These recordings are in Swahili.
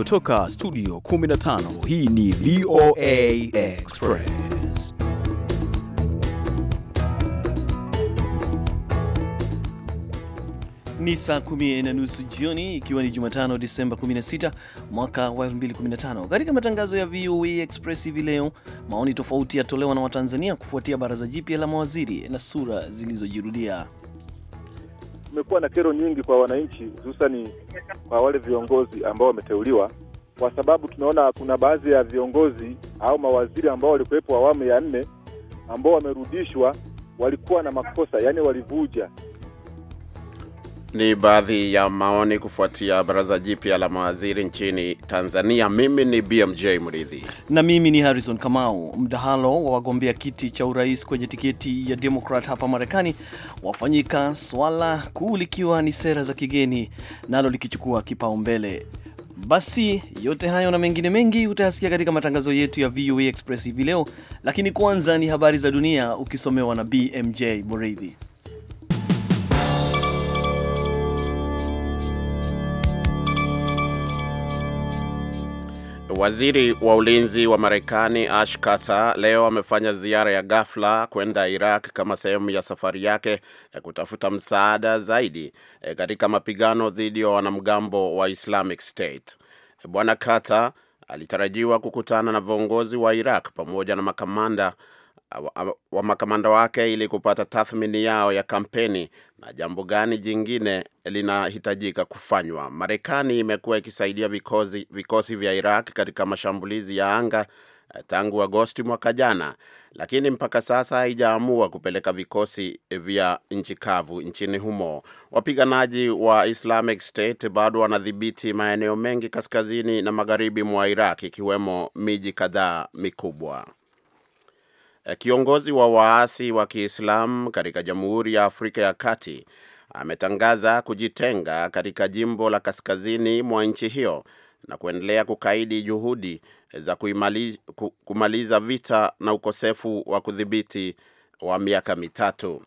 kutoka studio 15 hii ni VOA Express ni saa kumi na nusu jioni ikiwa ni Jumatano Disemba 16 mwaka wa 2015 katika matangazo ya VOA Express hivi leo maoni tofauti yatolewa na Watanzania kufuatia baraza jipya la mawaziri na sura zilizojirudia kumekuwa na kero nyingi kwa wananchi, hususani kwa wale viongozi ambao wameteuliwa, kwa sababu tunaona kuna baadhi ya viongozi au mawaziri ambao walikuwepo awamu ya nne ambao wamerudishwa, walikuwa na makosa, yaani walivuja ni baadhi ya maoni kufuatia baraza jipya la mawaziri nchini Tanzania. Mimi ni BMJ Mridhi na mimi ni Harrison Kamau. Mdahalo wa wagombea kiti cha urais kwenye tiketi ya Demokrat hapa Marekani wafanyika, swala kuu likiwa ni sera za kigeni, nalo likichukua kipaumbele. Basi yote hayo na mengine mengi utayasikia katika matangazo yetu ya VOA Express hivi leo, lakini kwanza ni habari za dunia ukisomewa na BMJ Mridhi. Waziri wa ulinzi wa Marekani Ash Carter leo amefanya ziara ya ghafla kwenda Iraq kama sehemu ya safari yake ya kutafuta msaada zaidi eh, katika mapigano dhidi ya wanamgambo wa Islamic State. Bwana Carter alitarajiwa kukutana na viongozi wa Iraq pamoja na makamanda wa, makamanda wake ili kupata tathmini yao ya kampeni na jambo gani jingine linahitajika kufanywa. Marekani imekuwa ikisaidia vikosi, vikosi vya Iraq katika mashambulizi ya anga eh, tangu Agosti mwaka jana, lakini mpaka sasa haijaamua kupeleka vikosi vya nchi kavu nchini humo. Wapiganaji wa Islamic State bado wanadhibiti maeneo mengi kaskazini na magharibi mwa Iraq, ikiwemo miji kadhaa mikubwa. Eh, kiongozi wa waasi wa Kiislamu katika Jamhuri ya Afrika ya Kati ametangaza kujitenga katika jimbo la kaskazini mwa nchi hiyo na kuendelea kukaidi juhudi za kumaliza vita na ukosefu wa kudhibiti wa miaka mitatu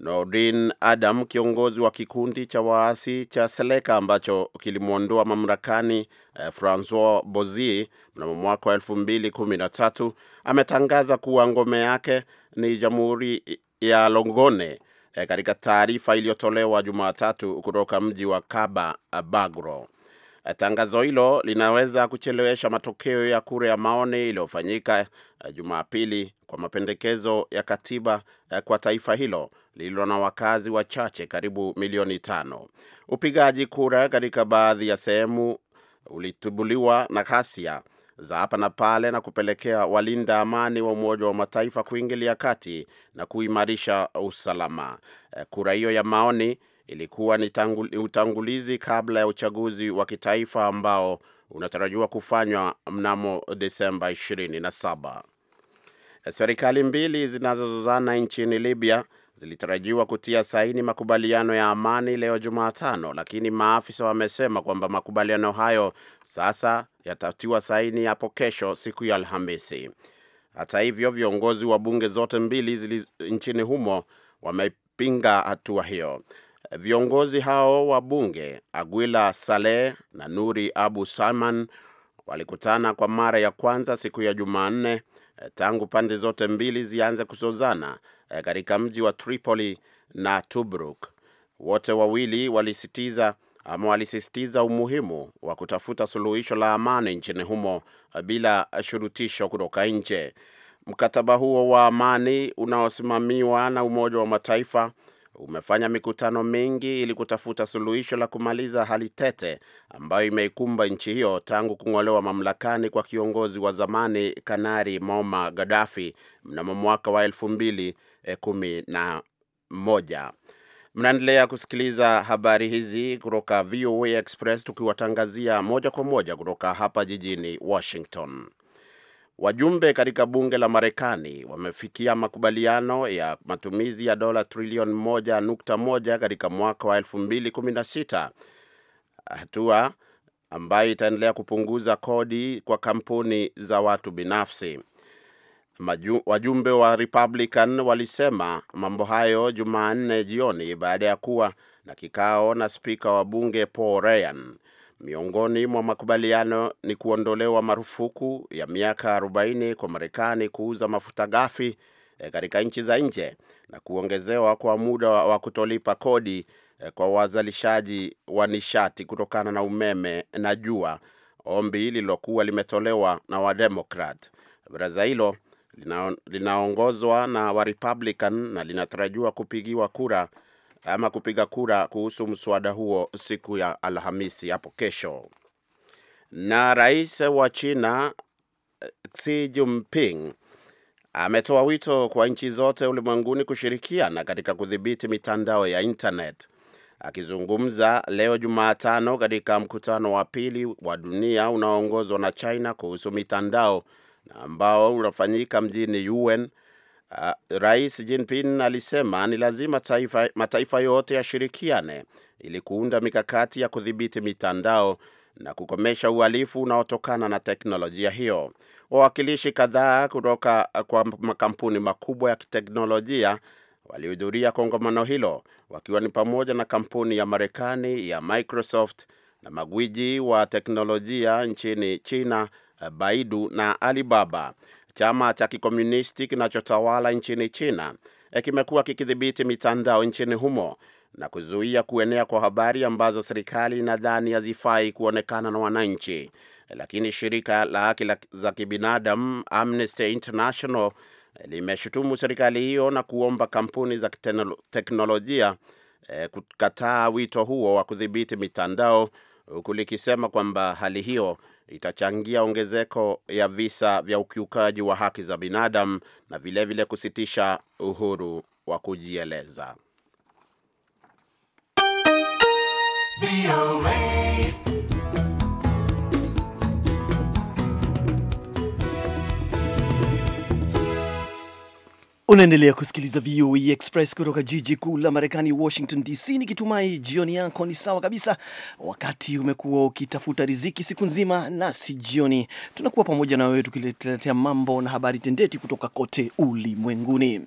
nordin Adam, kiongozi wa kikundi cha waasi cha Seleka ambacho kilimwondoa mamlakani eh, Francois Bozi mnamo mwaka wa 2013 ametangaza kuwa ngome yake ni jamhuri ya Longone eh, katika taarifa iliyotolewa Jumatatu kutoka mji wa Kaba Bagro. Tangazo hilo linaweza kuchelewesha matokeo ya kura ya maoni iliyofanyika eh, Jumapili kwa mapendekezo ya katiba eh, kwa taifa hilo lililo na wakazi wachache karibu milioni tano. Upigaji kura katika baadhi ya sehemu ulitubuliwa na ghasia za hapa na pale na kupelekea walinda amani wa Umoja wa Mataifa kuingilia kati na kuimarisha usalama. Eh, kura hiyo ya maoni ilikuwa ni utangulizi kabla ya uchaguzi wa kitaifa ambao unatarajiwa kufanywa mnamo Desemba 27. Serikali mbili zinazozozana nchini Libya zilitarajiwa kutia saini makubaliano ya amani leo Jumatano, lakini maafisa wamesema kwamba makubaliano hayo sasa yatatiwa saini hapo kesho, siku ya Alhamisi. Hata hivyo, viongozi wa bunge zote mbili nchini humo wamepinga hatua hiyo. Viongozi hao wa bunge Aguila Saleh na Nuri Abu Salman walikutana kwa mara ya kwanza siku ya Jumanne eh, tangu pande zote mbili zianze kusozana eh, katika mji wa Tripoli na tubruk Wote wawili walisitiza ama walisisitiza umuhimu wa kutafuta suluhisho la amani nchini humo eh, bila shurutisho kutoka nje. Mkataba huo wa amani unaosimamiwa na Umoja wa Mataifa umefanya mikutano mingi ili kutafuta suluhisho la kumaliza hali tete ambayo imeikumba nchi hiyo tangu kung'olewa mamlakani kwa kiongozi wa zamani Kanari Moma Gaddafi mnamo mwaka wa elfu mbili eh, kumi na moja. Mnaendelea kusikiliza habari hizi kutoka VOA Express tukiwatangazia moja kwa moja kutoka hapa jijini Washington. Wajumbe katika bunge la Marekani wamefikia makubaliano ya matumizi ya dola trilioni 1.1 katika mwaka wa 2016 hatua ambayo itaendelea kupunguza kodi kwa kampuni za watu binafsi. Maju, wajumbe wa Republican walisema mambo hayo Jumanne jioni baada ya kuwa na kikao na spika wa bunge Paul Ryan. Miongoni mwa makubaliano ni kuondolewa marufuku ya miaka 40 kwa Marekani kuuza mafuta ghafi eh, katika nchi za nje na kuongezewa kwa muda wa kutolipa kodi eh, kwa wazalishaji wa nishati kutokana na umeme na jua, ombi lililokuwa limetolewa na Wademokrat. Baraza hilo linaongozwa na Warepublican na linatarajiwa kupigiwa kura ama kupiga kura kuhusu mswada huo siku ya Alhamisi hapo kesho. Na rais wa China eh, Xi Jinping ametoa wito kwa nchi zote ulimwenguni kushirikiana katika kudhibiti mitandao ya internet. Akizungumza leo Jumatano katika mkutano wa pili wa dunia unaoongozwa na China kuhusu mitandao na ambao unafanyika mjini UN uh, Rais Jinping alisema ni lazima taifa, mataifa yote yashirikiane ili kuunda mikakati ya kudhibiti mitandao na kukomesha uhalifu unaotokana na teknolojia hiyo. Wawakilishi kadhaa kutoka kwa makampuni makubwa ya kiteknolojia walihudhuria kongamano hilo wakiwa ni pamoja na kampuni ya Marekani ya Microsoft na magwiji wa teknolojia nchini China uh, Baidu na Alibaba. Chama cha kikomunisti kinachotawala nchini China eh, kimekuwa kikidhibiti mitandao nchini humo na kuzuia kuenea kwa habari ambazo serikali inadhani hazifai kuonekana na wananchi. Lakini shirika la haki za kibinadamu Amnesty International eh, limeshutumu serikali hiyo na kuomba kampuni za teknolojia eh, kukataa wito huo wa kudhibiti mitandao huku likisema kwamba hali hiyo itachangia ongezeko ya visa vya ukiukaji wa haki za binadamu na vilevile vile kusitisha uhuru wa kujieleza. Unaendelea kusikiliza VOA e Express kutoka jiji kuu la Marekani, Washington DC, nikitumai jioni yako ni sawa kabisa. Wakati umekuwa ukitafuta riziki siku nzima, nasi jioni tunakuwa pamoja na wewe tukiletea mambo na habari tendeti kutoka kote ulimwenguni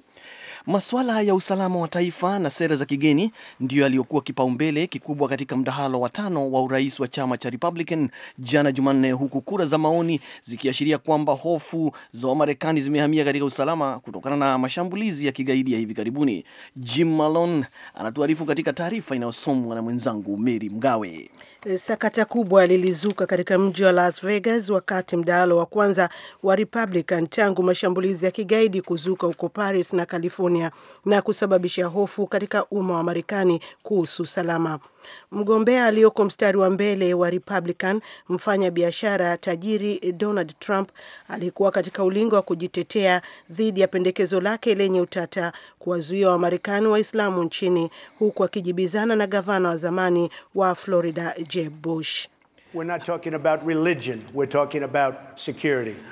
maswala ya usalama wa taifa na sera za kigeni ndiyo yaliyokuwa kipaumbele kikubwa katika mdahalo wa tano wa urais wa chama cha Republican jana Jumanne, huku kura za maoni zikiashiria kwamba hofu za Wamarekani zimehamia katika usalama kutokana na mashambulizi ya kigaidi ya hivi karibuni. Jim Malone anatuarifu katika taarifa inayosomwa na mwenzangu Mary Mgawe. Eh, sakata kubwa lilizuka katika mji wa Las Vegas wakati mdahalo wa kwanza wa Republican tangu mashambulizi ya kigaidi kuzuka huko Paris na California California na kusababisha hofu katika umma wa Marekani kuhusu salama. Mgombea aliyoko mstari wa mbele wa Republican, mfanya biashara tajiri Donald Trump alikuwa katika ulingo wa kujitetea dhidi ya pendekezo lake lenye utata kuwazuia Wamarekani Waislamu nchini huku akijibizana na gavana wa zamani wa Florida Jeb Bush.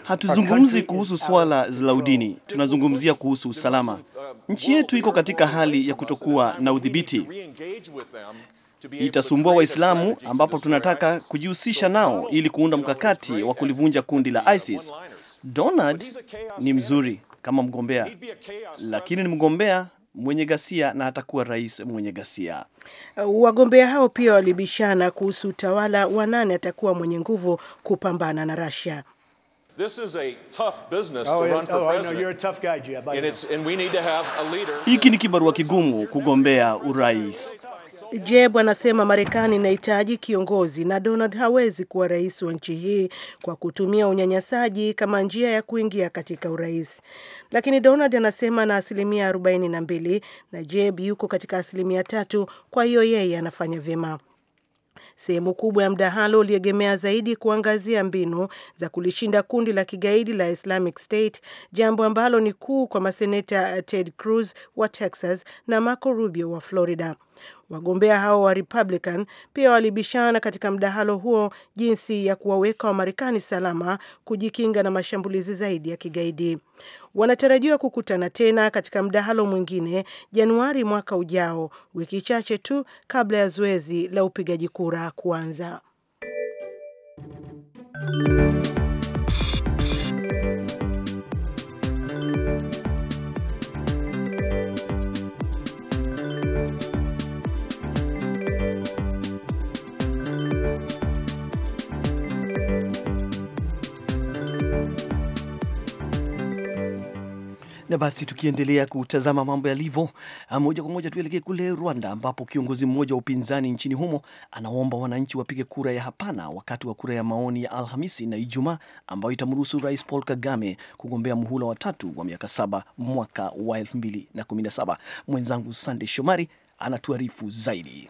Hatuzungumzi kuhusu swala la udini, tunazungumzia kuhusu usalama. Nchi yetu iko katika hali ya kutokuwa na udhibiti. Itasumbua Waislamu ambapo tunataka kujihusisha nao ili kuunda mkakati wa kulivunja kundi la ISIS. Donald ni mzuri kama mgombea, lakini ni mgombea mwenye ghasia na atakuwa rais mwenye ghasia. Uh, wagombea hao pia walibishana kuhusu utawala wa nani atakuwa mwenye nguvu kupambana na Russia. Oh, oh, Hiki ni kibarua kigumu kugombea urais. Jeb anasema Marekani inahitaji kiongozi na Donald hawezi kuwa rais wa nchi hii kwa kutumia unyanyasaji kama njia ya kuingia katika urais. Lakini Donald anasema na asilimia mbili na Jeb yuko katika asilimia tatu, kwa hiyo yeye anafanya vyema. Sehemu kubwa ya mdahalo uliegemea zaidi kuangazia mbinu za kulishinda kundi la kigaidi la Islamic State, jambo ambalo ni kuu kwa maseneta Ted Cruz wa Texas na Marco Rubio wa Florida. Wagombea hao wa Republican pia walibishana katika mdahalo huo jinsi ya kuwaweka Wamarekani salama kujikinga na mashambulizi zaidi ya kigaidi. Wanatarajiwa kukutana tena katika mdahalo mwingine Januari mwaka ujao, wiki chache tu kabla ya zoezi la upigaji kura kuanza. Na basi tukiendelea kutazama mambo yalivyo, ah, moja kwa moja tuelekee kule Rwanda, ambapo kiongozi mmoja wa upinzani nchini humo anaomba wananchi wapige kura ya hapana wakati wa kura ya maoni ya Alhamisi na Ijumaa ambayo itamruhusu Rais Paul Kagame kugombea muhula wa tatu wa miaka saba mwaka wa 2017. Mwenzangu Sande Shomari anatuarifu zaidi.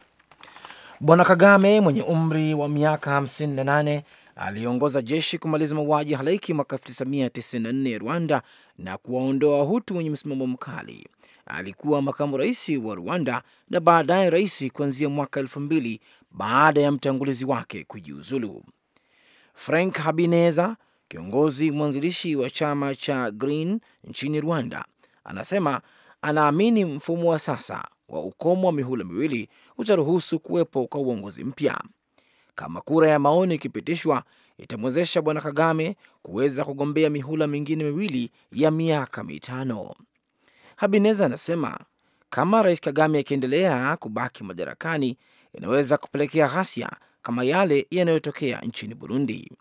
Bwana Kagame mwenye umri wa miaka 58 aliyeongoza jeshi kumaliza mauaji halaiki mwaka 1994 ya Rwanda na kuwaondoa Wahutu wenye msimamo mkali. Alikuwa makamu rais wa Rwanda na baadaye rais kuanzia mwaka elfu mbili baada ya mtangulizi wake kujiuzulu. Frank Habineza, kiongozi mwanzilishi wa chama cha Green nchini Rwanda, anasema anaamini mfumo wa sasa wa ukomo wa mihula miwili utaruhusu kuwepo kwa uongozi mpya kama kura ya maoni ikipitishwa, itamwezesha bwana Kagame kuweza kugombea mihula mingine miwili ya miaka mitano. Habineza anasema kama rais Kagame akiendelea kubaki madarakani, inaweza kupelekea ghasia kama yale yanayotokea nchini Burundi.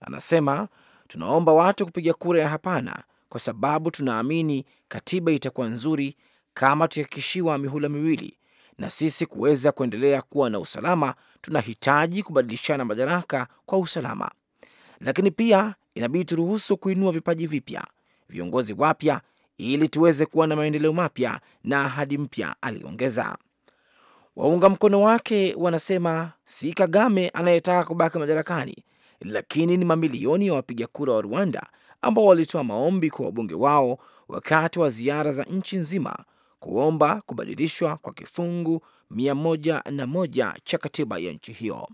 Anasema tunaomba watu kupiga kura ya hapana, kwa sababu tunaamini katiba itakuwa nzuri kama tukihakikishiwa mihula miwili na sisi kuweza kuendelea kuwa na usalama, tunahitaji kubadilishana madaraka kwa usalama, lakini pia inabidi turuhusu kuinua vipaji vipya, viongozi wapya, ili tuweze kuwa na maendeleo mapya na ahadi mpya, aliongeza. Waunga mkono wake wanasema si Kagame anayetaka kubaki madarakani, lakini ni mamilioni ya wapiga kura wa Rwanda ambao walitoa maombi kwa wabunge wao wakati wa ziara za nchi nzima kuomba kubadilishwa kwa kifungu mia na moja cha katiba ya nchi hiyo.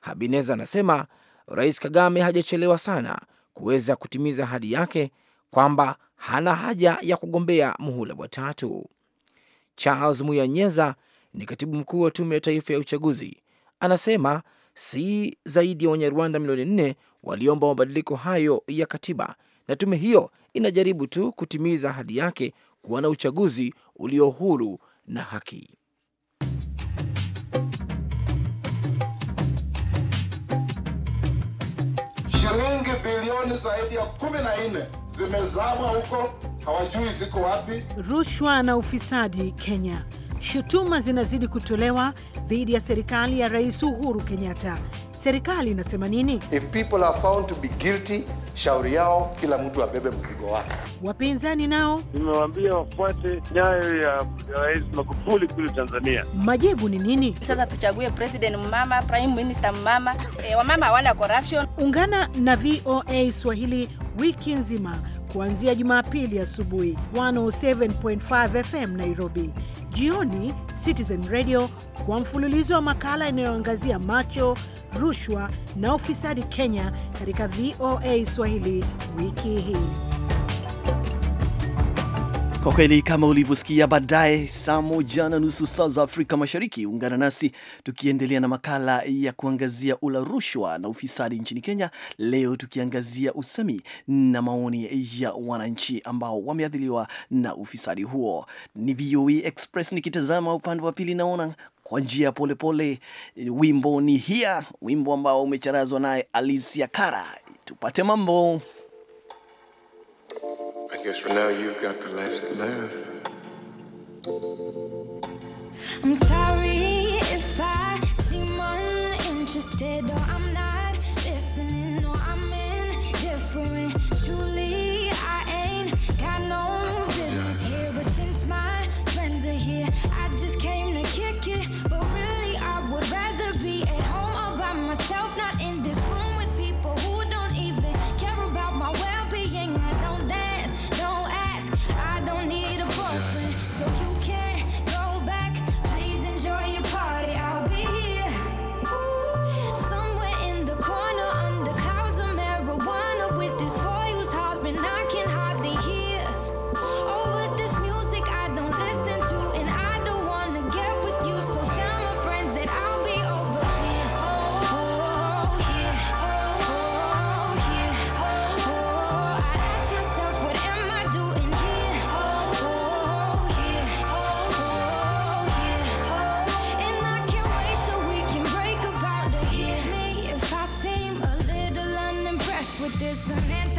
Habineza anasema Rais Kagame hajachelewa sana kuweza kutimiza ahadi yake kwamba hana haja ya kugombea muhula wa tatu. Charles Muyanyeza ni katibu mkuu wa tume ya taifa ya uchaguzi, anasema si zaidi ya Wanyarwanda milioni nne waliomba mabadiliko hayo ya katiba na tume hiyo inajaribu tu kutimiza ahadi yake kuwa na uchaguzi ulio huru na haki. Shilingi bilioni zaidi ya 14 zimezama huko, hawajui ziko wapi. Rushwa na ufisadi Kenya, shutuma zinazidi kutolewa dhidi ya serikali ya Rais Uhuru Kenyatta Serikali inasema nini? If people are found to be guilty, shauri yao kila mtu abebe mzigo wake. Wapinzani nao nimewaambia wafuate nyayo ya Rais Magufuli kule Tanzania. Majibu ni nini? Sasa tuchague president mama, prime minister mama. E, wamama hawana corruption. Ungana na VOA Swahili wiki nzima kuanzia Jumapili asubuhi 107.5 FM Nairobi, jioni Citizen Radio kwa mfululizo wa makala inayoangazia macho rushwa na ufisadi Kenya katika VOA Swahili wiki hii. Kwa kweli kama ulivyosikia, baadaye saa moja na nusu saa za Afrika Mashariki, ungana nasi tukiendelea na makala ya kuangazia ula rushwa na ufisadi nchini Kenya. Leo tukiangazia usemi na maoni ya wananchi ambao wameathiriwa na ufisadi huo. Ni VOA Express. Nikitazama upande wa pili, naona kwa njia pole polepole. Wimbo ni hia, wimbo ambao umecharazwa naye Alicia Cara. Tupate mambo I guess for now you've got the last laugh. I'm sorry if I seem uninterested or I'm not listening or I'm indifferent. Truly listening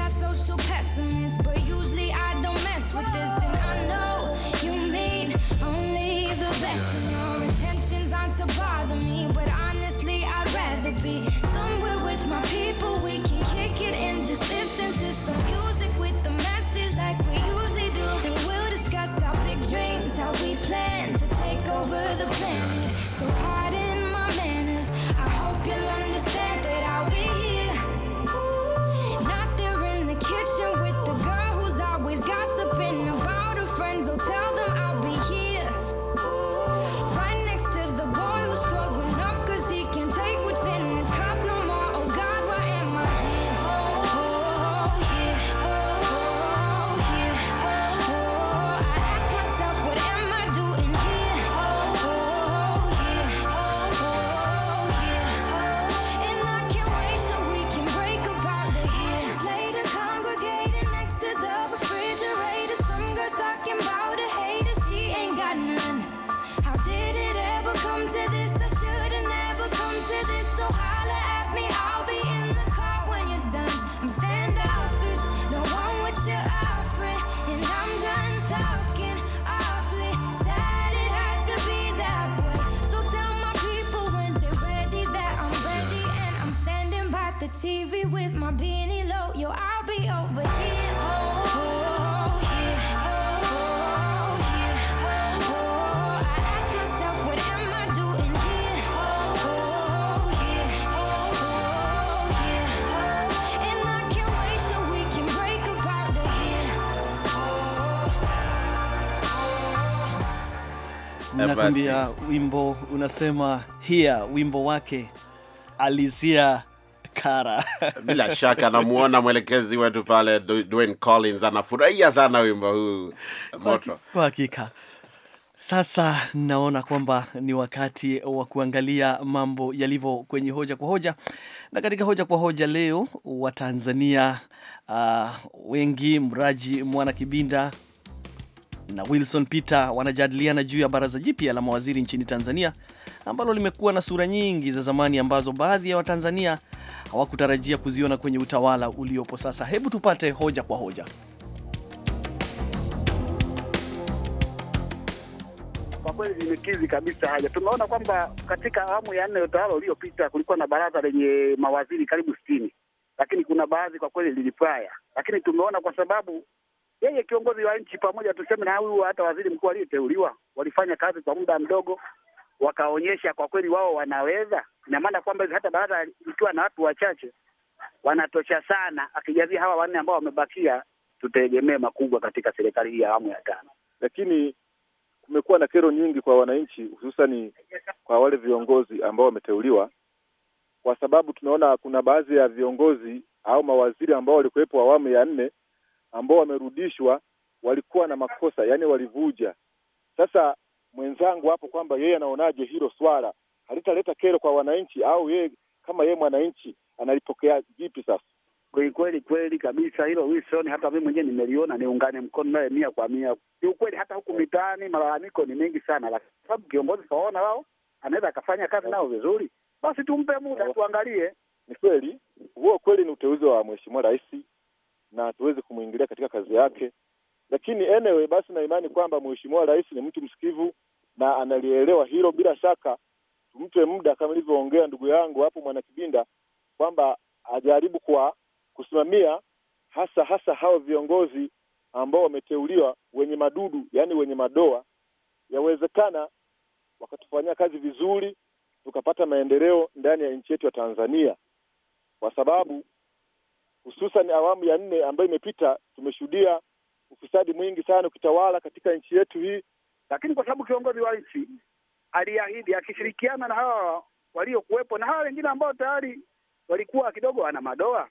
Eh, nakwambia wimbo unasema hia wimbo wake alizia Kara. Bila shaka namuona mwelekezi wetu pale Dwayne Collins anafurahia sana wimbo huu moto kwa hakika. Sasa naona kwamba ni wakati wa kuangalia mambo yalivyo kwenye hoja kwa hoja, na katika hoja kwa hoja leo Watanzania uh, wengi, Mraji Mwana Kibinda na Wilson Peter wanajadiliana juu ya baraza jipya la mawaziri nchini Tanzania ambalo limekuwa na sura nyingi za zamani ambazo baadhi ya Watanzania hawakutarajia kuziona kwenye utawala uliopo sasa. Hebu tupate hoja kwa hoja. Kwa kweli limekizi kabisa haja. Tumeona kwamba katika awamu ya nne ya utawala uliopita kulikuwa na baraza lenye mawaziri karibu sitini, lakini kuna baadhi kwa kweli lilipaya, lakini tumeona kwa sababu yeye kiongozi wa nchi pamoja tuseme na huyu hata waziri mkuu aliyeteuliwa walifanya kazi kwa muda mdogo, wakaonyesha kwa kweli wao wanaweza. Ina maana kwamba hata baraza likiwa na watu wachache wanatosha sana, akijazia hawa wanne ambao wamebakia, tutegemee makubwa katika serikali hii ya awamu ya tano. Lakini kumekuwa na kero nyingi kwa wananchi, hususani kwa wale viongozi ambao wameteuliwa, kwa sababu tunaona kuna baadhi ya viongozi au mawaziri ambao walikuwepo awamu ya nne ambao wamerudishwa walikuwa na makosa, yaani walivuja. Sasa mwenzangu hapo kwamba yeye anaonaje hilo swala halitaleta kero kwa wananchi, au yeye kama yeye mwananchi analipokea vipi? Sasa kweli kweli kabisa hilo Wilson, hata mimi mwenyewe nimeliona, niungane mkono naye mia kwa mia. Kiukweli hata huku mitaani malalamiko ni mengi sana, lakini sababu kiongozi kaona wao anaweza akafanya kazi nao vizuri, basi tumpe muda tuangalie. Ni kweli huo, kweli ni uteuzi wa mheshimiwa rais na hatuwezi kumwingilia katika kazi yake. Lakini anyway, basi na imani kwamba mheshimiwa rais ni mtu msikivu na analielewa hilo. Bila shaka tumpe muda, kama ilivyoongea ndugu yangu hapo Mwanakibinda, kwamba ajaribu kwa kusimamia hasa hasa hao viongozi ambao wameteuliwa wenye madudu, yaani wenye madoa. Yawezekana wakatufanyia kazi vizuri, tukapata maendeleo ndani ya nchi yetu ya Tanzania, kwa sababu hususan awamu ya nne ambayo imepita, tumeshuhudia ufisadi mwingi sana ukitawala katika nchi yetu hii, lakini kwa sababu kiongozi wa nchi aliahidi akishirikiana na hawa waliokuwepo na hawa wengine ambao tayari walikuwa kidogo wana madoa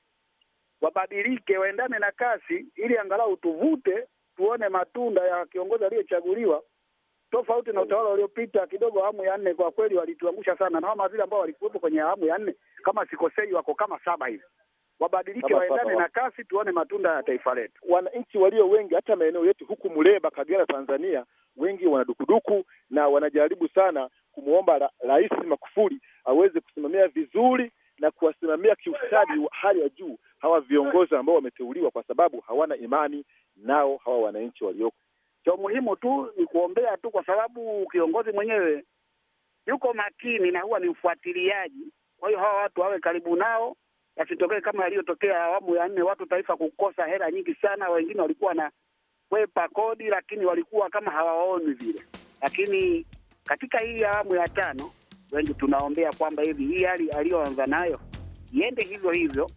wabadilike, waendane na kasi, ili angalau tuvute tuone matunda ya kiongozi aliyechaguliwa, tofauti na utawala waliopita Kidogo awamu ya nne kwa kweli walituangusha sana, na hawa mawaziri ambao walikuwepo kwenye awamu ya nne, kama sikosei, wako kama saba hivi wabadilike, waendane na kasi, tuone matunda ya taifa letu. Wananchi walio wengi hata maeneo yetu huku Muleba, Kagera, Tanzania, wengi wanadukuduku na wanajaribu sana kumwomba Rais Magufuli aweze kusimamia vizuri na kuwasimamia kiustadi wa hali ya juu hawa viongozi ambao wameteuliwa, kwa sababu hawana imani nao hawa wananchi walioko. Cha muhimu tu ni kuombea tu, kwa sababu kiongozi mwenyewe yuko makini na huwa ni mfuatiliaji. Kwa hiyo hawa watu wawe karibu nao, yasitokee kama yaliyotokea awamu ya nne, watu taifa kukosa hela nyingi sana. Wengine walikuwa na wepa kodi, lakini walikuwa kama hawaoni vile. Lakini katika hii awamu ya tano, wengi tunaombea kwamba hivi hii hali aliyoanza nayo iende hivyo hivyo,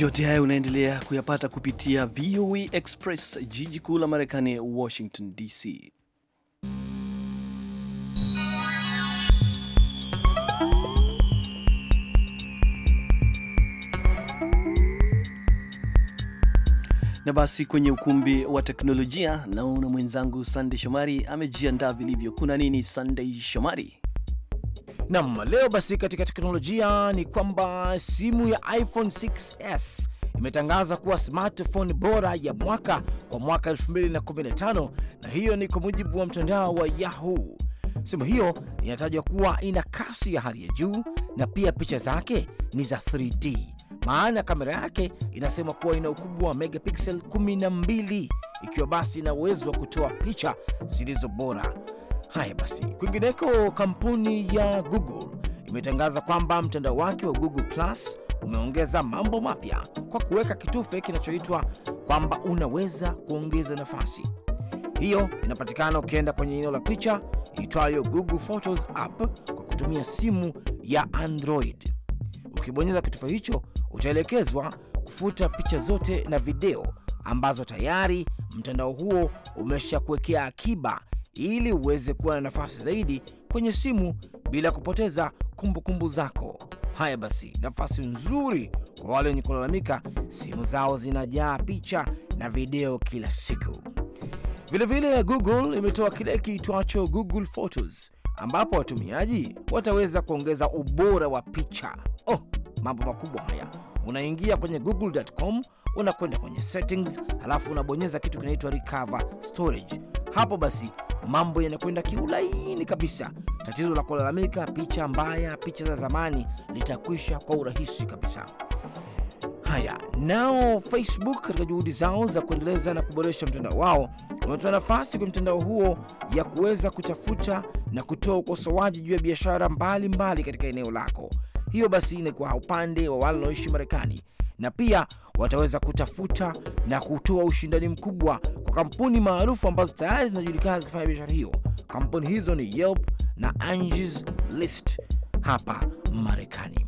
Yote haya unaendelea kuyapata kupitia VOA e Express, jiji kuu la Marekani, Washington DC. Na basi kwenye ukumbi wa teknolojia naona mwenzangu Sandey Shomari amejiandaa vilivyo. Kuna nini Sandey Shomari? Nam, leo basi katika teknolojia ni kwamba simu ya iPhone 6s imetangaza kuwa smartphone bora ya mwaka kwa mwaka 2015 na hiyo ni kwa mujibu wa mtandao wa Yahoo. Simu hiyo inatajwa kuwa ina kasi ya hali ya juu na pia picha zake ni za 3D, maana kamera yake inasema kuwa ina ukubwa wa megapixel 12, ikiwa basi ina uwezo wa kutoa picha zilizo bora. Haya basi, kwingineko, kampuni ya Google imetangaza kwamba mtandao wake wa Google Plus umeongeza mambo mapya kwa kuweka kitufe kinachoitwa kwamba unaweza kuongeza nafasi. Hiyo inapatikana ukienda kwenye eneo la picha itwayo Google Photos app kwa kutumia simu ya Android. Ukibonyeza kitufe hicho, utaelekezwa kufuta picha zote na video ambazo tayari mtandao huo umeshakuwekea akiba ili uweze kuwa na nafasi zaidi kwenye simu bila kupoteza kumbukumbu kumbu zako. Haya basi, nafasi nzuri kwa wale wenye kulalamika, simu zao zinajaa picha na video kila siku. Vilevile vile Google imetoa kile kiitwacho Google Photos ambapo watumiaji wataweza kuongeza ubora wa picha. Oh, mambo makubwa haya! Unaingia kwenye google.com, unakwenda kwenye settings, halafu unabonyeza kitu kinaitwa recover storage. Hapo basi mambo yanakwenda kiulaini kabisa. Tatizo la kulalamika picha mbaya, picha za zamani litakwisha kwa urahisi kabisa. Haya, nao Facebook katika juhudi zao za kuendeleza na kuboresha mtandao wao wametoa nafasi kwenye mtandao huo ya kuweza kutafuta na kutoa ukosoaji juu ya biashara mbalimbali katika eneo lako. Hiyo basi ni kwa upande wa wale wanaoishi Marekani na pia wataweza kutafuta na kutoa ushindani mkubwa kwa kampuni maarufu ambazo tayari zinajulikana zikifanya biashara hiyo. Kampuni hizo ni Yelp na Angie's List hapa Marekani.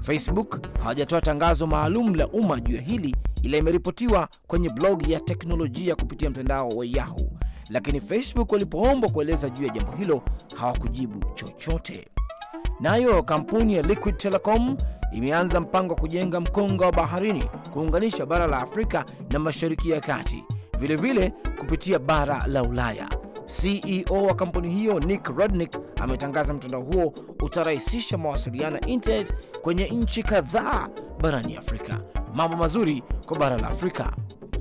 Facebook hawajatoa tangazo maalum la umma juu ya hili, ila imeripotiwa kwenye blog ya teknolojia kupitia mtandao wa Yahoo, lakini Facebook walipoombwa kueleza juu ya jambo hilo hawakujibu chochote. Nayo kampuni ya Liquid Telecom imeanza mpango wa kujenga mkonga wa baharini kuunganisha bara la Afrika na Mashariki ya Kati, vilevile vile kupitia bara la Ulaya. CEO wa kampuni hiyo Nick Rodnick ametangaza mtandao huo utarahisisha mawasiliano ya internet kwenye nchi kadhaa barani Afrika. Mambo mazuri kwa bara la Afrika.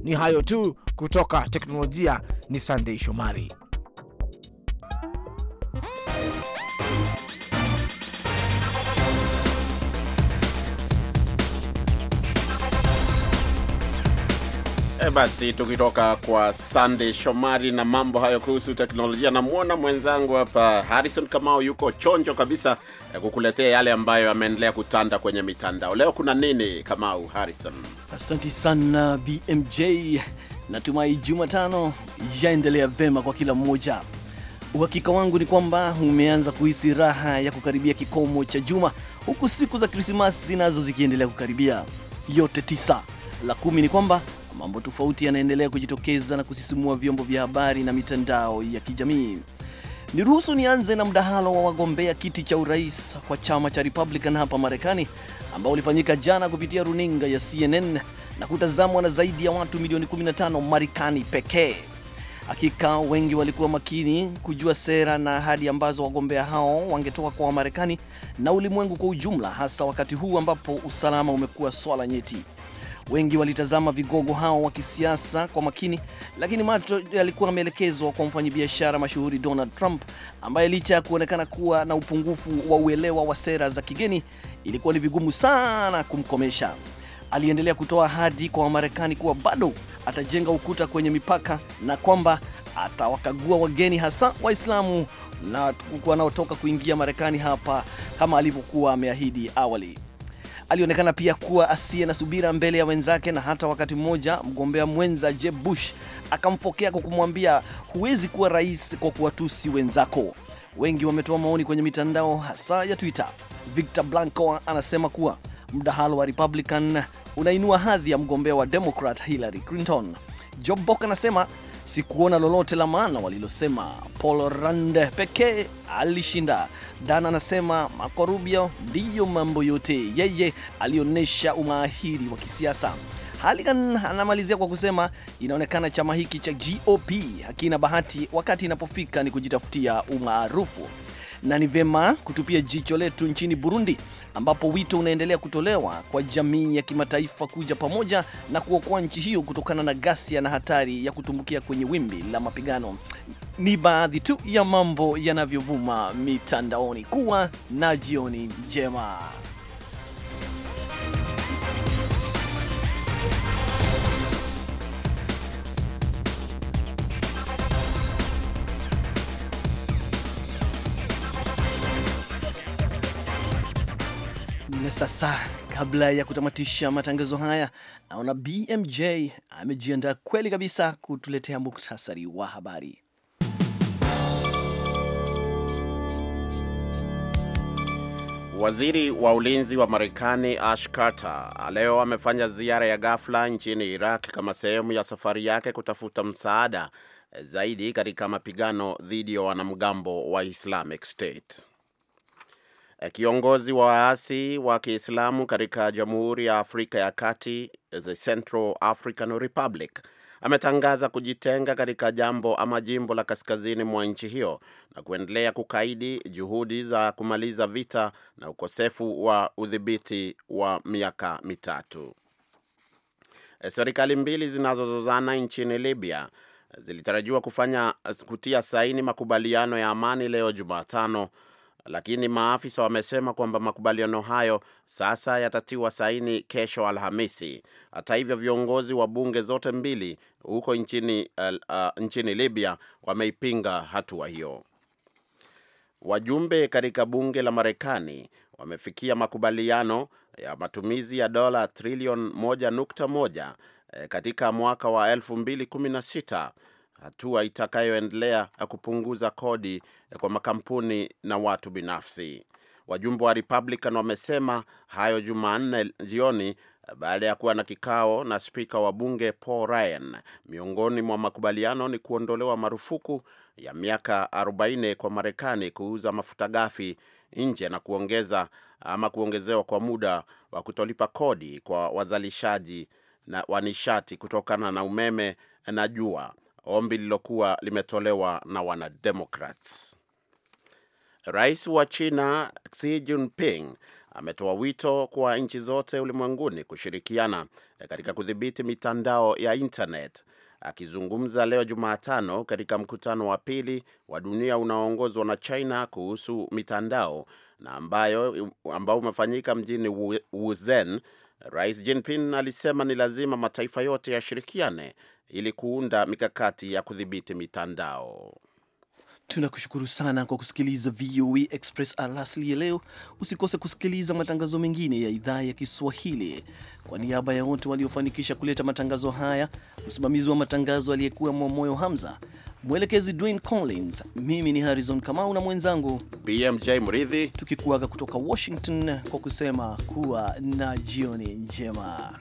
Ni hayo tu kutoka teknolojia. Ni Sunday Shomari. E, basi tukitoka kwa Sunday Shomari na mambo hayo kuhusu teknolojia, namwona mwenzangu hapa Harrison Kamau yuko chonjo kabisa eh, kukuletea yale ambayo yameendelea kutanda kwenye mitandao leo. Kuna nini Kamau? Harrison, asante sana BMJ. Natumai Jumatano yaendelea vema kwa kila mmoja. Uhakika wangu ni kwamba umeanza kuhisi raha ya kukaribia kikomo cha juma, huku siku za Krismasi nazo zikiendelea kukaribia, yote tisa. La kumi ni kwamba mambo tofauti yanaendelea kujitokeza na kusisimua vyombo vya habari na mitandao ya kijamii. Niruhusu nianze na mdahalo wa wagombea kiti cha urais kwa chama cha Republican hapa Marekani ambao ulifanyika jana kupitia runinga ya CNN na kutazamwa na zaidi ya watu milioni 15 Marekani pekee. Hakika wengi walikuwa makini kujua sera na ahadi ambazo wagombea hao wangetoka kwa Wamarekani na ulimwengu kwa ujumla, hasa wakati huu ambapo usalama umekuwa swala nyeti. Wengi walitazama vigogo hao wa kisiasa kwa makini, lakini macho yalikuwa yameelekezwa kwa mfanyabiashara mashuhuri Donald Trump, ambaye licha ya kuonekana kuwa na upungufu wa uelewa wa sera za kigeni, ilikuwa ni vigumu sana kumkomesha. Aliendelea kutoa ahadi kwa Wamarekani kuwa bado atajenga ukuta kwenye mipaka na kwamba atawakagua wageni, hasa Waislamu na wanaotoka kuingia Marekani hapa kama alivyokuwa ameahidi awali alionekana pia kuwa asiye na subira mbele ya wenzake, na hata wakati mmoja mgombea mwenza Jeb Bush akamfokea kwa kumwambia huwezi kuwa rais kwa kuwatusi wenzako. Wengi wametoa maoni kwenye mitandao hasa ya Twitter. Victor Blanco anasema kuwa mdahalo wa Republican unainua hadhi ya mgombea wa Democrat Hillary Clinton. Job Bok anasema Sikuona lolote la maana walilosema. Paul Rand pekee alishinda. Dan anasema Makorubio ndiyo mambo yote, yeye alionyesha umahiri wa kisiasa. Haligan anamalizia kwa kusema inaonekana chama hiki cha GOP hakina bahati wakati inapofika ni kujitafutia umaarufu na ni vema kutupia jicho letu nchini Burundi ambapo wito unaendelea kutolewa kwa jamii ya kimataifa kuja pamoja na kuokoa nchi hiyo kutokana na ghasia na hatari ya kutumbukia kwenye wimbi la mapigano. Ni baadhi tu ya mambo yanavyovuma mitandaoni. Kuwa na jioni njema. Sasa kabla ya kutamatisha matangazo haya, naona BMJ amejiandaa kweli kabisa kutuletea muktasari wa habari. Waziri wa ulinzi wa Marekani Ash Carter leo amefanya ziara ya ghafla nchini Iraq kama sehemu ya safari yake kutafuta msaada zaidi katika mapigano dhidi ya wanamgambo wa Islamic State. Eh, kiongozi wa waasi wa Kiislamu katika Jamhuri ya Afrika ya Kati, the Central African Republic, ametangaza kujitenga katika jambo ama jimbo la kaskazini mwa nchi hiyo na kuendelea kukaidi juhudi za kumaliza vita na ukosefu wa udhibiti wa miaka mitatu. Eh, serikali mbili zinazozozana nchini Libya eh, zilitarajiwa kufanya kutia saini makubaliano ya amani leo Jumatano lakini maafisa wamesema kwamba makubaliano hayo sasa yatatiwa saini kesho Alhamisi. Hata hivyo, viongozi wa bunge zote mbili huko nchini, uh, uh, nchini Libya wameipinga hatua wa hiyo. Wajumbe katika bunge la Marekani wamefikia makubaliano ya matumizi ya dola trilioni 1.1 eh, katika mwaka wa 2016 hatua itakayoendelea kupunguza kodi eh, kwa makampuni na watu binafsi. Wajumbe wa Republican wamesema hayo Jumanne jioni eh, baada ya kuwa na kikao na spika wa bunge Paul Ryan. Miongoni mwa makubaliano ni kuondolewa marufuku ya miaka 40 kwa Marekani kuuza mafuta ghafi nje na kuongeza ama kuongezewa kwa muda wa kutolipa kodi kwa wazalishaji wa nishati kutokana na umeme na jua ombi lilokuwa limetolewa na Wanademokrats. Rais wa China Xi Jinping ametoa wito kwa nchi zote ulimwenguni kushirikiana eh, katika kudhibiti mitandao ya internet. Akizungumza leo Jumatano katika mkutano wa pili wa dunia unaoongozwa na China kuhusu mitandao na ambayo, ambao umefanyika mjini wuzen Rais Jinping alisema ni lazima mataifa yote yashirikiane ili kuunda mikakati ya kudhibiti mitandao. Tunakushukuru sana kwa kusikiliza VOA e Express alasli ya leo. Usikose kusikiliza matangazo mengine ya idhaa ya Kiswahili. Kwa niaba ya wote waliofanikisha kuleta matangazo haya, msimamizi wa matangazo aliyekuwa Mwamoyo Hamza, mwelekezi Dwayne Collins, mimi ni Harrison Kamau na mwenzangu BMJ Mridhi, tukikuaga kutoka Washington kwa kusema kuwa na jioni njema.